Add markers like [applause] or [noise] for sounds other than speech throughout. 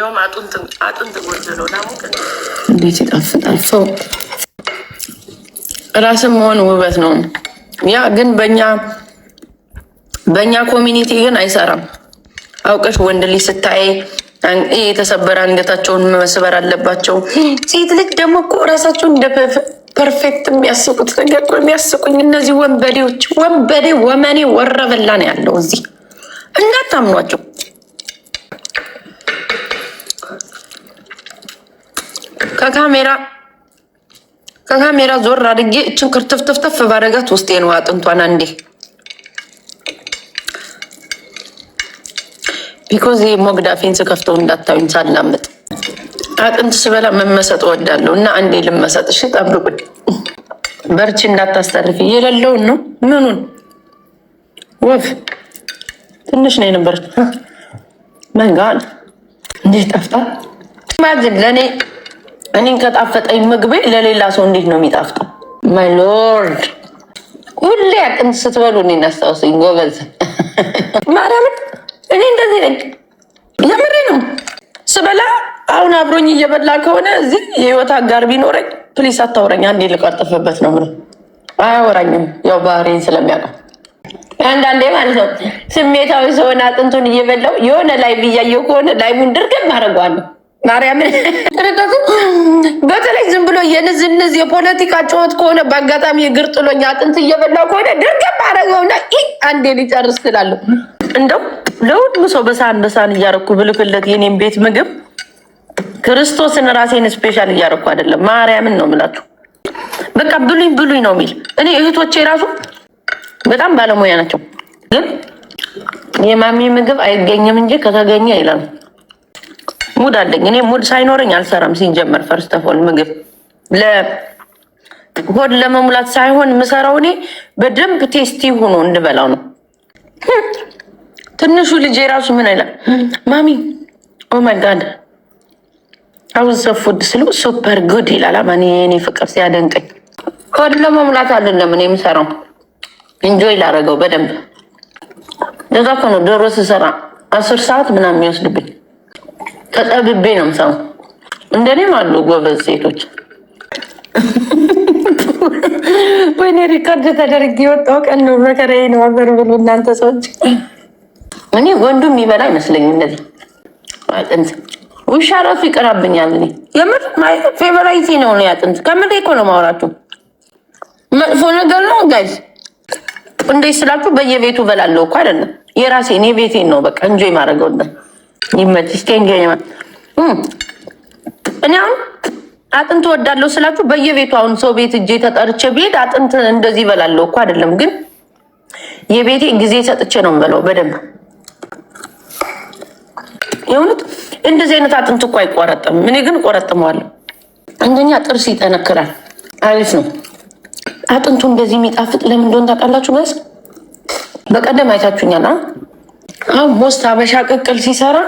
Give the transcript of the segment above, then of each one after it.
እንደውም አጥንት ጎድሎ ነው። እንዴት ይጣፍጣል! ሰው ራስን መሆን ውበት ነው። ያ ግን በእኛ በእኛ ኮሚኒቲ ግን አይሰራም። አውቀሽ ወንድ ልጅ ስታይ የተሰበረ አንገታቸውን መስበር አለባቸው። ሴት ልጅ ደግሞ እኮ ራሳቸው እንደ ፐርፌክት የሚያስቁት ነገር የሚያስቁኝ እነዚህ ወንበዴዎች፣ ወንበዴ፣ ወመኔ፣ ወረበላ ነው ያለው እዚህ። እንዳታምኗቸው። ከካሜራ ከካሜራ ዞር አድርጌ እችን ክርትፍትፍተፍ ባረጋት ውስጤ ነው አጥንቷን አንዴ ቢኮዝ ሞግዳ ፌንስ ከፍተው እንዳታዩኝ ሳላምጥ አጥንት ስበላ መመሰጥ እወዳለሁ እና አንዴ ልመሰጥ። እሺ ጠብቁ፣ በርቺ፣ እንዳታስተርፊ። የሌለውን ነው ምኑን ወፍ ትንሽ ነው የነበረች መንጋ እንዴት ጠፍጣ ማዝን ለእኔ እኔን ከጣፈጠኝ ምግቤ ለሌላ ሰው እንዴት ነው የሚጣፍጠው? ማይ ሎርድ ሁሌ አጥንት ስትበሉ እኔ እናስታውሰኝ ጎበዝ። ማርያምን እኔ እንደዚህ ነኝ። የምሬ ነው ስበላ። አሁን አብሮኝ እየበላ ከሆነ እዚህ የህይወት አጋር ቢኖረኝ ፕሊስ አታውረኝ፣ አንዴ ልቀርጥፍበት ነው ምለው። አያወራኝም ያው ባህሬን ስለሚያውቀው አንዳንዴ ማለት ነው ስሜታዊ ሰሆን አጥንቱን እየበላው የሆነ ላይ ብያየው ከሆነ ላይቡን ድርግም አደርገዋለሁ። ማርያምን ርቀቱ በተለይ ዝም ብሎ የንዝንዝ የፖለቲካ ጨዋታ ከሆነ በአጋጣሚ እግር ጥሎኝ አጥንት እየበላው ከሆነ ድርግም አደረገውና አንዴ ሊጨርስ ስላለ እንደው ለሁሉ ሰው በሳህን በሳህን እያረኩ ብልክለት የኔም ቤት ምግብ ክርስቶስን ራሴን ስፔሻል እያረኩ አይደለም፣ ማርያምን ነው የምላችሁ። በቃ ብሉኝ ብሉኝ ነው የሚል። እኔ እህቶቼ ራሱ በጣም ባለሙያ ናቸው፣ ግን የማሚ ምግብ አይገኝም እንጂ ከተገኘ ይላል። ሙድ አለኝ። እኔ ሙድ ሳይኖረኝ አልሰራም። ሲጀመር ፈርስት ምግብ ሆድ ለመሙላት ሳይሆን ምሰራው እኔ በደንብ ቴስቲ ሆኖ እንድበላው ነው። ትንሹ ልጅ የራሱ ምን አይላል ማሚ ኦማይጋድ አሁን ሰፉድ ስሉ ሱፐር ጉድ ይላል። ማን የኔ ፍቅር ሲያደንቀኝ ሆድ ለመሙላት አይደለም እኔ የምሰራው እንጆይ ላረገው በደንብ ለዛ ነው ዶሮ ስሰራ አስር ሰዓት ምናምን የሚወስድብኝ ተጠብቤ ነው ምሰው። እንደኔም አሉ ጎበዝ ሴቶች። ወይኔ ሪካርድ ተደርግ የወጣው ቀን ነው። መከራዬ ነው። አበር ብሉ እናንተ ሰዎች። እኔ ወንዱ የሚበላ አይመስለኝ። እንደዚህ አጥንት ውሻ ራሱ ይቀራብኛል። እኔ የምር ፌቨራይቲ ነው ነው ያጥንት ከምር እኮ ነው ማውራቱ መጥፎ ነገር ነው ጋይስ። እንዴት ስላችሁ በየቤቱ በላለው እኮ አይደለም። የራሴ እኔ ቤቴን ነው በቃ እንጆ የማደርገው ይመችሽ። እኔ አሁን አጥንት ወዳለሁ ስላችሁ በየቤቱ አሁን ሰው ቤት እጄ ተጠርቼ ብሄድ አጥንት እንደዚህ ይበላለሁ እኮ አይደለም፣ ግን የቤቴ ጊዜ ሰጥቼ ነው የምበለው በደንብ የእውነት እንደዚህ አይነት አጥንት እኮ አይቆረጥም። እኔ ግን ቆረጥመዋለሁ። አንደኛ ጥርስ ይጠነክራል፣ አሪፍ ነው። አጥንቱ እንደዚህ የሚጣፍጥ ለምን እንደሆነ ታውቃላችሁ? በቀደም አይታችሁኛል። አሁን ሞስት አበሻ ቅቅል ሲሰራ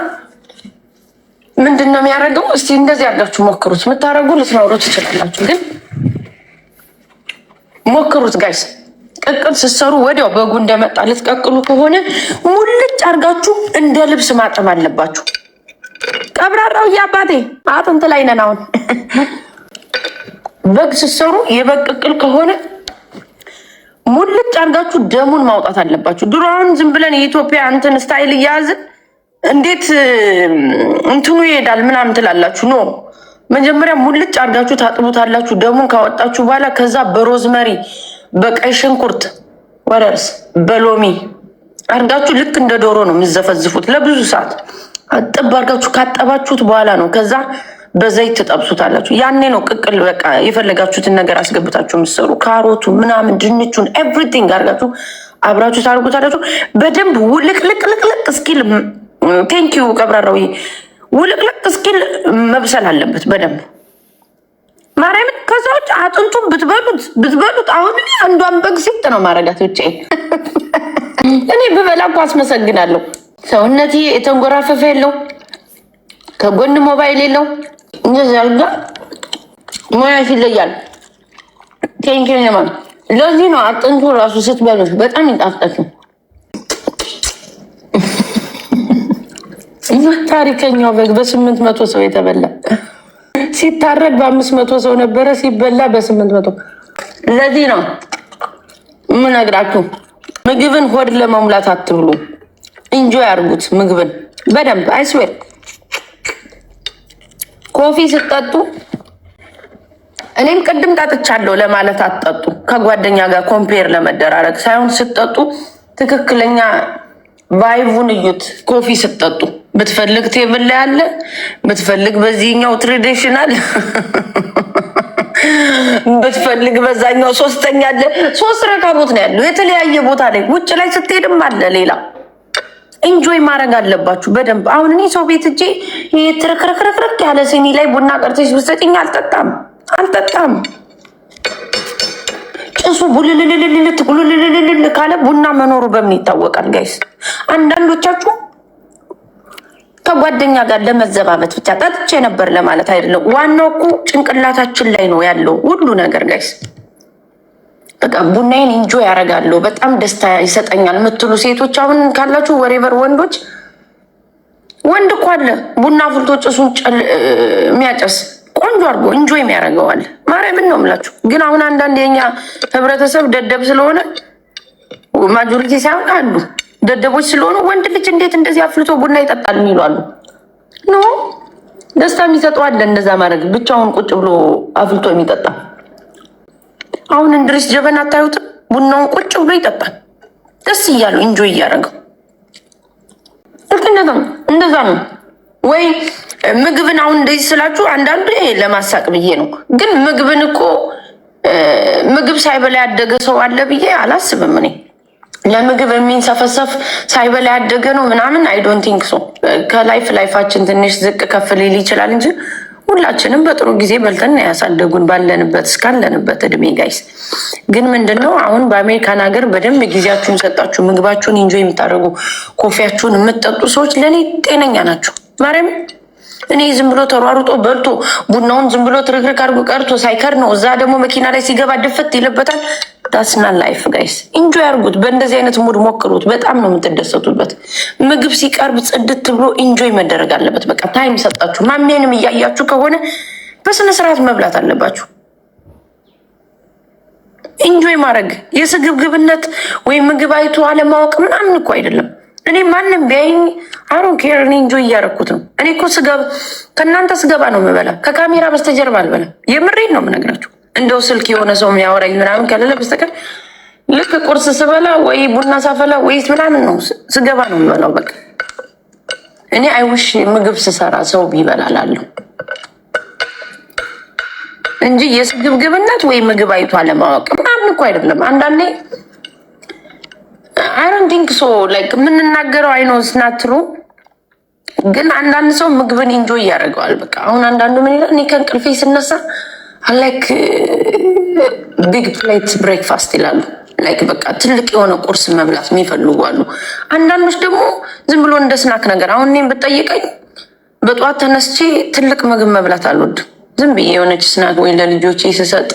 ምንድን ነው የሚያደርገው? እስቲ እንደዚህ ያላችሁ ሞክሩት። የምታደርጉ ልትኖሩ ትችላላችሁ፣ ግን ሞክሩት ጋይስ። ቅቅል ስትሰሩ ወዲያው በጉ እንደመጣ ልትቀቅሉ ከሆነ ሙልጭ አርጋችሁ እንደ ልብስ ማጠብ አለባችሁ። ቀብራራው እያባቴ አጥንት ላይ ነን። አሁን በግ ስትሰሩ የበግ ቅቅል ከሆነ ሙልጭ አርጋችሁ ደሙን ማውጣት አለባችሁ። ድሮን ዝም ብለን የኢትዮጵያ እንትን ስታይል እያያዝን እንዴት እንትኑ ይሄዳል ምናምን ትላላችሁ። ኖ መጀመሪያ ሙልጭ አድርጋችሁ ታጥቡታላችሁ። ደሙን ካወጣችሁ በኋላ ከዛ በሮዝመሪ በቀይ ሽንኩርት ወረርስ በሎሚ አድርጋችሁ ልክ እንደ ዶሮ ነው የምዘፈዝፉት ለብዙ ሰዓት አጥብ አድርጋችሁ ካጠባችሁት በኋላ ነው ከዛ በዘይት ትጠብሱታላችሁ። ያኔ ነው ቅቅል በቃ የፈለጋችሁትን ነገር አስገብታችሁ የምትሰሩ ካሮቱ ምናምን ድንቹን ኤቭሪቲንግ አድርጋችሁ አብራችሁ ታደርጉታላችሁ በደንብ ውልቅልቅልቅልቅ እስኪል ቴንኪዩ ቀብራራዊ ውልቅልቅ እስኪል መብሰል አለበት በደንብ ማርያምን። ከዛ ውጭ አጥንቱን ብትበሉት ብትበሉት አሁን አንዷን በግ ሲጥ ነው ማረጋት ውጭ እኔ ብበላ እኮ አስመሰግናለሁ። ሰውነት የተንጎራፈፈ የለው ከጎን ሞባይል የለው እዛጋ ጋ ሙያ ይለያል። ቴንኪዩ ለዚህ ነው አጥንቱ ራሱ ስትበሉት በጣም ይጣፍጣችሁ። ታሪከኛው በግ በስምንት መቶ ሰው የተበላ ሲታረድ በአምስት መቶ ሰው ነበረ፣ ሲበላ በስምንት መቶ ለዚህ ነው የምነግራችሁ ምግብን ሆድ ለመሙላት አትብሉ። ኢንጆይ አድርጉት ምግብን በደንብ አይስዌር። ኮፊ ስጠጡ እኔም ቅድም ጠጥቻለሁ ለማለት አትጠጡ። ከጓደኛ ጋር ኮምፔር ለመደራረግ ሳይሆን ስጠጡ ትክክለኛ ቫይቡን እዩት። ኮፊ ስጠጡ ብትፈልግ ቴብል ላይ አለ፣ ብትፈልግ በዚህኛው ትሬዲሽናል፣ ብትፈልግ በዛኛው ሶስተኛ አለ። ሶስት ረካቦት ነው ያለው የተለያየ ቦታ ላይ ውጭ ላይ ስትሄድም አለ ሌላ ኢንጆይ ማድረግ አለባችሁ በደንብ። አሁን እኔ ሰው ቤት እጄ ይሄ ትርክርክርክርክ ያለ ሲኒ ላይ ቡና ቀርተሽ ብትሰጪኝ አልጠጣም አልጠጣም። ጭሱ ቡልልልልልት ጉልልልልልል ካለ ቡና መኖሩ በምን ይታወቃል ጋይስ? አንዳንዶቻችሁ ከጓደኛ ጋር ለመዘባበት ብቻ ጠጥቼ ነበር ለማለት አይደለም። ዋናው እኮ ጭንቅላታችን ላይ ነው ያለው ሁሉ ነገር ጋይስ። በቃ ቡናዬን እንጆ ያደርጋለሁ በጣም ደስታ ይሰጠኛል የምትሉ ሴቶች አሁን ካላችሁ ወሬቨር ወንዶች ወንድ እኮ አለ ቡና ፍልቶ ጭሱን የሚያጨስ ቆንጆ አድርጎ እንጆ የሚያደርገዋል። ማርያምን ነው የምላችሁ። ግን አሁን አንዳንድ የኛ ህብረተሰብ ደደብ ስለሆነ ማጆሪቲ ሳይሆን አሉ ደደቦች ስለሆኑ ወንድ ልጅ እንዴት እንደዚህ አፍልቶ ቡና ይጠጣል የሚሏሉ። ኖ ደስታ የሚሰጠው አለ እንደዛ ማድረግ ብቻውን ቁጭ ብሎ አፍልቶ የሚጠጣ አሁን እንድሪስ ጀበና አታዩትም? ቡናውን ቁጭ ብሎ ይጠጣል ደስ እያሉ እንጆ እያደረገው ልክ እንደዛ ነው ወይ ምግብን አሁን እንደዚህ ስላችሁ አንዳንዱ ለማሳቅ ብዬ ነው። ግን ምግብን እኮ ምግብ ሳይበላ ያደገ ሰው አለ ብዬ አላስብም እኔ። ለምግብ የሚንሰፈሰፍ ሳይበላ ያደገ ነው ምናምን አይዶንት ቲንክ ሶ። ከላይፍ ላይፋችን ትንሽ ዝቅ ከፍ ሊል ይችላል እንጂ ሁላችንም በጥሩ ጊዜ በልተን ያሳደጉን ባለንበት እስካለንበት እድሜ ጋይስ። ግን ምንድነው አሁን በአሜሪካን ሀገር በደንብ ጊዜያችሁን ሰጣችሁ ምግባችሁን እንጆ የምታደርጉ ኮፊያችሁን የምትጠጡ ሰዎች ለእኔ ጤነኛ ናቸው። ማርያም እኔ ዝም ብሎ ተሯሩጦ በልቶ ቡናውን ዝም ብሎ ትርክርክ አድርጎ ቀርቶ ሳይከር ነው። እዛ ደግሞ መኪና ላይ ሲገባ ድፍት ይለበታል። ዳስና ላይፍ ጋይስ ኢንጆይ አርጉት። በእንደዚህ አይነት ሙድ ሞክሩት። በጣም ነው የምትደሰቱበት። ምግብ ሲቀርብ ጽድት ብሎ ኢንጆይ መደረግ አለበት። በቃ ታይም ሰጣችሁ ማሜንም እያያችሁ ከሆነ በስነ ስርዓት መብላት አለባችሁ። ኢንጆይ ማድረግ የስግብግብነት ወይም ምግብ አይቶ አለማወቅ ምናምን እኮ አይደለም። እኔ ማንም ቢያይኝ አሮን ኬር እኔ ኢንጆይ እያደረኩት ነው። እኔ እኮ ስገብ ከእናንተ ስገባ ነው የምበላ፣ ከካሜራ በስተጀርባ አልበላ። የምሬን ነው የምነግራችሁ። እንደው ስልክ የሆነ ሰው የሚያወራኝ ምናምን ከሌለ በስተቀር ልክ ቁርስ ስበላ ወይ ቡና ሳፈላ ወይት ምናምን ነው ስገባ ነው የምበላው። በቃ እኔ አይውሽ ምግብ ስሰራ ሰው ይበላላለሁ እንጂ የስግብግብነት ወይ ምግብ አይቶ አለማወቅ ምናምን እኮ አይደለም። አንዳንዴ አይሮን ቲንክ ሶ ላይክ የምንናገረው አይኖ ስናትሩ ግን አንዳንድ ሰው ምግብን ኢንጆይ ያደርገዋል። በቃ አሁን አንዳንዱ ምን ይላል እኔ ከእንቅልፌ ስነሳ ላይክ ቢግ ፕሌት ብሬክፋስት ይላሉ። ላይክ በቃ ትልቅ የሆነ ቁርስ መብላት የሚፈልጉ አሉ። አንዳንዶች ደግሞ ዝም ብሎ እንደ ስናክ ነገር አሁን እኔም ብጠይቀኝ በጠዋት ተነስቼ ትልቅ ምግብ መብላት አልወድም። ዝም ብዬ የሆነች ስናክ ወይ ለልጆች ስሰጥ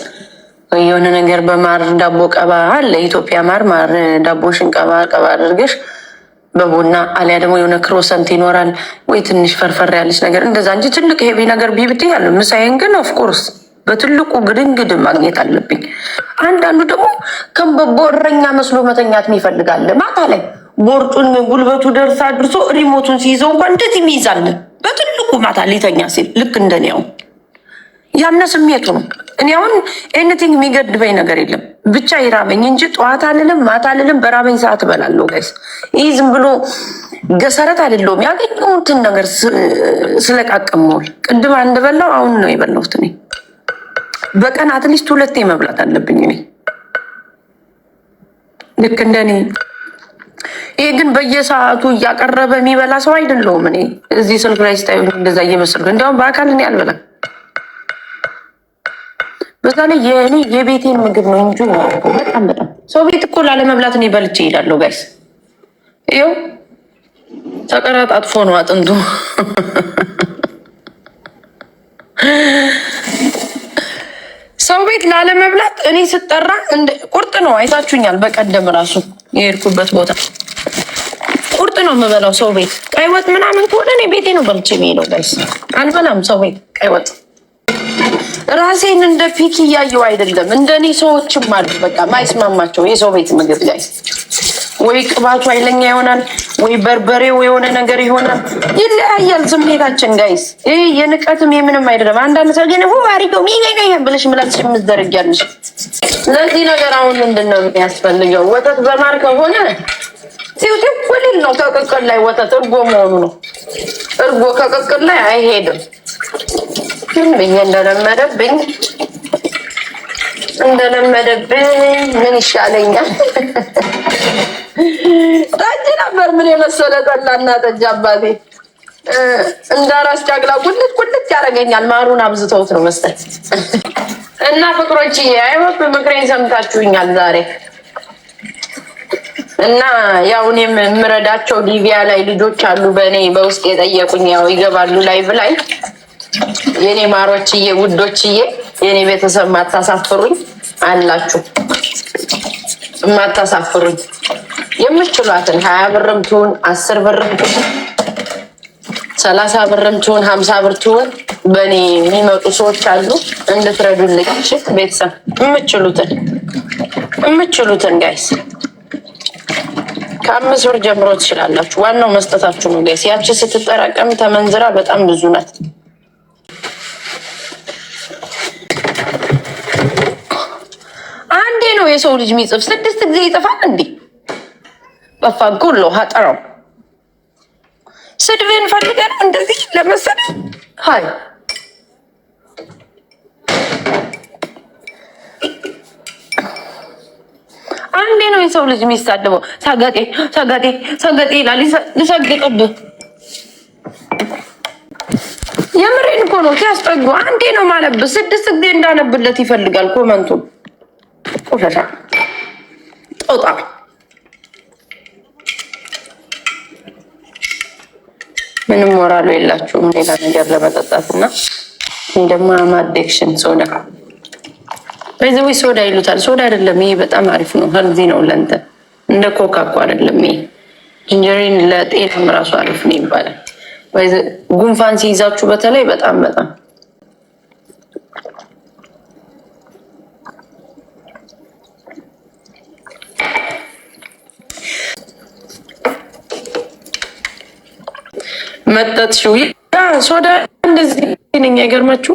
ወይ የሆነ ነገር በማር ዳቦ ቀባ አለ ኢትዮጵያ ማር ማር ዳቦሽን ቀባ ቀባ አድርገሽ በቡና አሊያ ደግሞ የሆነ ክሮሰንት ይኖራል ወይ ትንሽ ፈርፈር ያለች ነገር እንደዛ እንጂ ትልቅ ሄቪ ነገር ቢብት ያለ ምሳይን ግን ኦፍኮርስ በትልቁ ግድንግድ ማግኘት አለብኝ። አንዳንዱ ደግሞ ከበጎ እረኛ መስሎ መተኛት ይፈልጋል። ማታ ላይ ቦርጩን ጉልበቱ ደርስ አድርሶ ሪሞቱን ሲይዘው እንኳን እንደዚህ የሚይዛለ በትልቁ ማታ ሊተኛ ሲል ልክ እንደኔ ያነ ስሜቱ ነው። እኔ አሁን ኤኒቲንግ የሚገድበኝ ነገር የለም። ብቻ ይራበኝ እንጂ ጠዋት አልልም፣ ማታ አልልም። በራበኝ ሰዓት እበላለሁ። ጋይስ ይህ ዝም ብሎ ገሰረት አይደለውም። ያገኘሁትን ነገር ስለቃቀመውል ቅድም አንድ በላው አሁን ነው የበላሁት እኔ በቀን አትሊስት ሁለቴ መብላት አለብኝ እኔ ልክ እንደኔ። ይሄ ግን በየሰዓቱ እያቀረበ የሚበላ ሰው አይደለሁም እኔ። እዚህ ስልክ ላይ ስታዩ እንደዛ እየመሰልኩ እንዲያውም በአካል እኔ አልበላም። በዛ ላይ የእኔ የቤቴን ምግብ ነው እንጂ በጣም በጣም ሰው ቤት እኮ ላለመብላት እኔ በልቼ እሄዳለሁ። ጋይስ ይኸው አጥፎ ነው አጥንቱ። ሰው ቤት ላለመብላት እኔ ስጠራ ቁርጥ ነው። አይታችሁኛል። በቀደም ራሱ የሄድኩበት ቦታ ቁርጥ ነው የምበላው። ሰው ቤት ቀይ ወጥ ምናምን ከሆነ እኔ ቤቴ ነው በልቼ የሚሄደው። ጋይስ አልበላም ሰው ቤት ቀይ ወጥ። ራሴን እንደ ፊክ እያየው አይደለም። እንደኔ ሰዎችም አሉ በቃ ማይስማማቸው የሰው ቤት ምግብ ጋይስ ወይ ቅባቱ ኃይለኛ ይሆናል፣ ወይ በርበሬው የሆነ ነገር ይሆናል። ይለያያል ስሜታችን ጋይስ። ይህ የንቀትም የምንም አይደለም። አንዳንድ ሰው ግን አሪፍ ነው ሚገኝ ብለሽ ምላስ የምትዘረጊያለሽ። ለዚህ ነገር አሁን ምንድን ነው የሚያስፈልገው? ወተት በማር ከሆነ ሲውቲ ኩልል ነው ከቅቅል ላይ ወተት እርጎ መሆኑ ነው። እርጎ ከቅቅል ላይ አይሄድም። ግን ብኝ እንደለመደብኝ እንደለመደብኝ ምን ይሻለኛል? ጠጅ ነበር። ምን የመሰለ ጠላና ጠጅ አባቴ እንደ ራስ ጫግላ ጉልት ጉልት ያደርገኛል። ማሩን አብዝተውት ነው መስጠት እና ፍቅሮች አይወፍ ምክሬን ሰምታችሁኛል ዛሬ እና ያው እኔም የምረዳቸው ሊቢያ ላይ ልጆች አሉ በእኔ በውስጥ የጠየቁኝ ያው ይገባሉ ላይቭ ላይ የኔ ማሮችዬ ውዶችዬ የኔ ቤተሰብ ማታሳፍሩኝ አላችሁ ማታሳፍሩኝ የምችሏትን ሀያ ብርም ትሁን አስር ብርም ትሁን ሰላሳ ብርም ትሁን ሀምሳ ብር ትሁን በእኔ የሚመጡ ሰዎች አሉ እንድትረዱልኝ። እሺ ቤተሰብ የምችሉትን የምችሉትን ጋይስ ከአምስት ብር ጀምሮ ትችላላችሁ። ዋናው መስጠታችሁ ነው ጋይስ። ያቺ ስትጠራቀም ተመንዝራ በጣም ብዙ ናት። ነው የሰው ልጅ የሚጽፍ? ስድስት ጊዜ ይጽፋል እንዴ? ኩሎ ሀጠራው ስድብን ፈልገን እንደዚህ ለመሰል ሀይ አንዴ ነው የሰው ልጅ የሚሳደበው። ሰገጤ ሰገጤ ሰገጤ ይላል። ልሰግጥብህ የምሬን እኮ ነው። ሲያስጠጉ አንዴ ነው ማለብ። ስድስት ጊዜ እንዳነብለት ይፈልጋል ኮመንቱን ቆሻሻ ጦጣ ምንም ሞራሉ የላችሁም ሌላ ነገር ለመጠጣት እና እንደማያማ አዲክሽን ሶዳ በዚህ ሶዳ ይሉታል። ሶዳ አይደለም ይሄ፣ በጣም አሪፍ ነው፣ ሄልዚ ነው ለንተ እንደ ኮካ አይደለም ይሄ። ጅንጀሪን ለጤናም ራሱ አሪፍ ነው ይባላል። ጉንፋን ሲይዛችሁ በተለይ በጣም በጣም መጠጥሽው ሶዳ እንደዚህ ነኝ። አይገርማችሁ?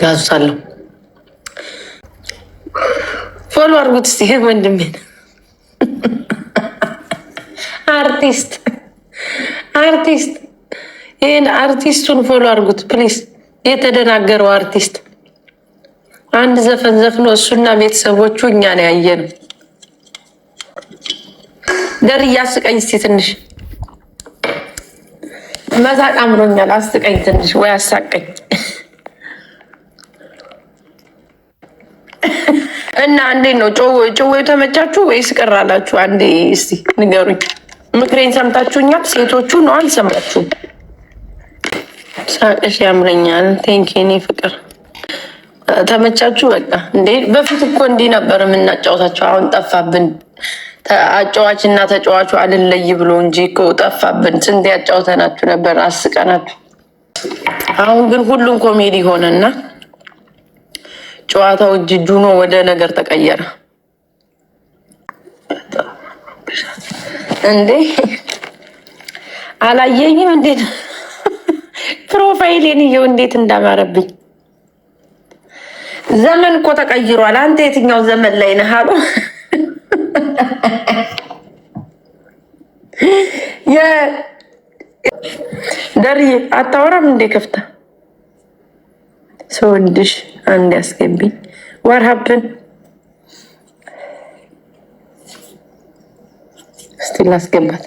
ጋዙ ሳለሁ ፎሎ አድርጉት እስኪ ወንድሜን አርቲስት አርቲስት ይህን አርቲስቱን ፎሎ አድርጉት ፕሊስ። የተደናገረው አርቲስት አንድ ዘፈን ዘፍኖ እሱና ቤተሰቦቹ እኛ ነው ያየነው። ደር አስቀኝ እስኪ ትንሽ መሳቅ አምሮኛል። አስቀኝ ትንሽ ወይ አሳቀኝ እና እንዴት ነው ጭዌው ተመቻችሁ ወይስ ቀራላችሁ? አንዴ እስቲ ንገሩኝ። ምክሬን ሰምታችሁኛል? ሴቶቹ ነው አልሰማችሁም? ሳቅሽ ያምረኛል። ቴንኪ እኔ ፍቅር ተመቻችሁ? በቃ እንዴ! በፊት እኮ እንዲህ ነበር የምናጫወታቸው። አሁን ጠፋብን። አጫዋች እና ተጫዋቹ አልለይ ብሎ እንጂ እኮ ጠፋብን። ስንት ያጫውተናችሁ ነበር፣ አስቀናችሁ። አሁን ግን ሁሉም ኮሜዲ ሆነና ጨዋታው እጅ ጁኖ ወደ ነገር ተቀየረ እንዴ! አላየኝም እንዴት ፕሮፋይሌን እየው እንዴት እንዳማረብኝ ዘመን እኮ ተቀይሯል። አንተ የትኛው ዘመን ላይ ነህ አሉ። [laughs] ደርዬ አታወራም እንዴ? ከፍታ ሰውድሽ አንድ ያስገብኝ ወርሀብን እስቲ ላስገባት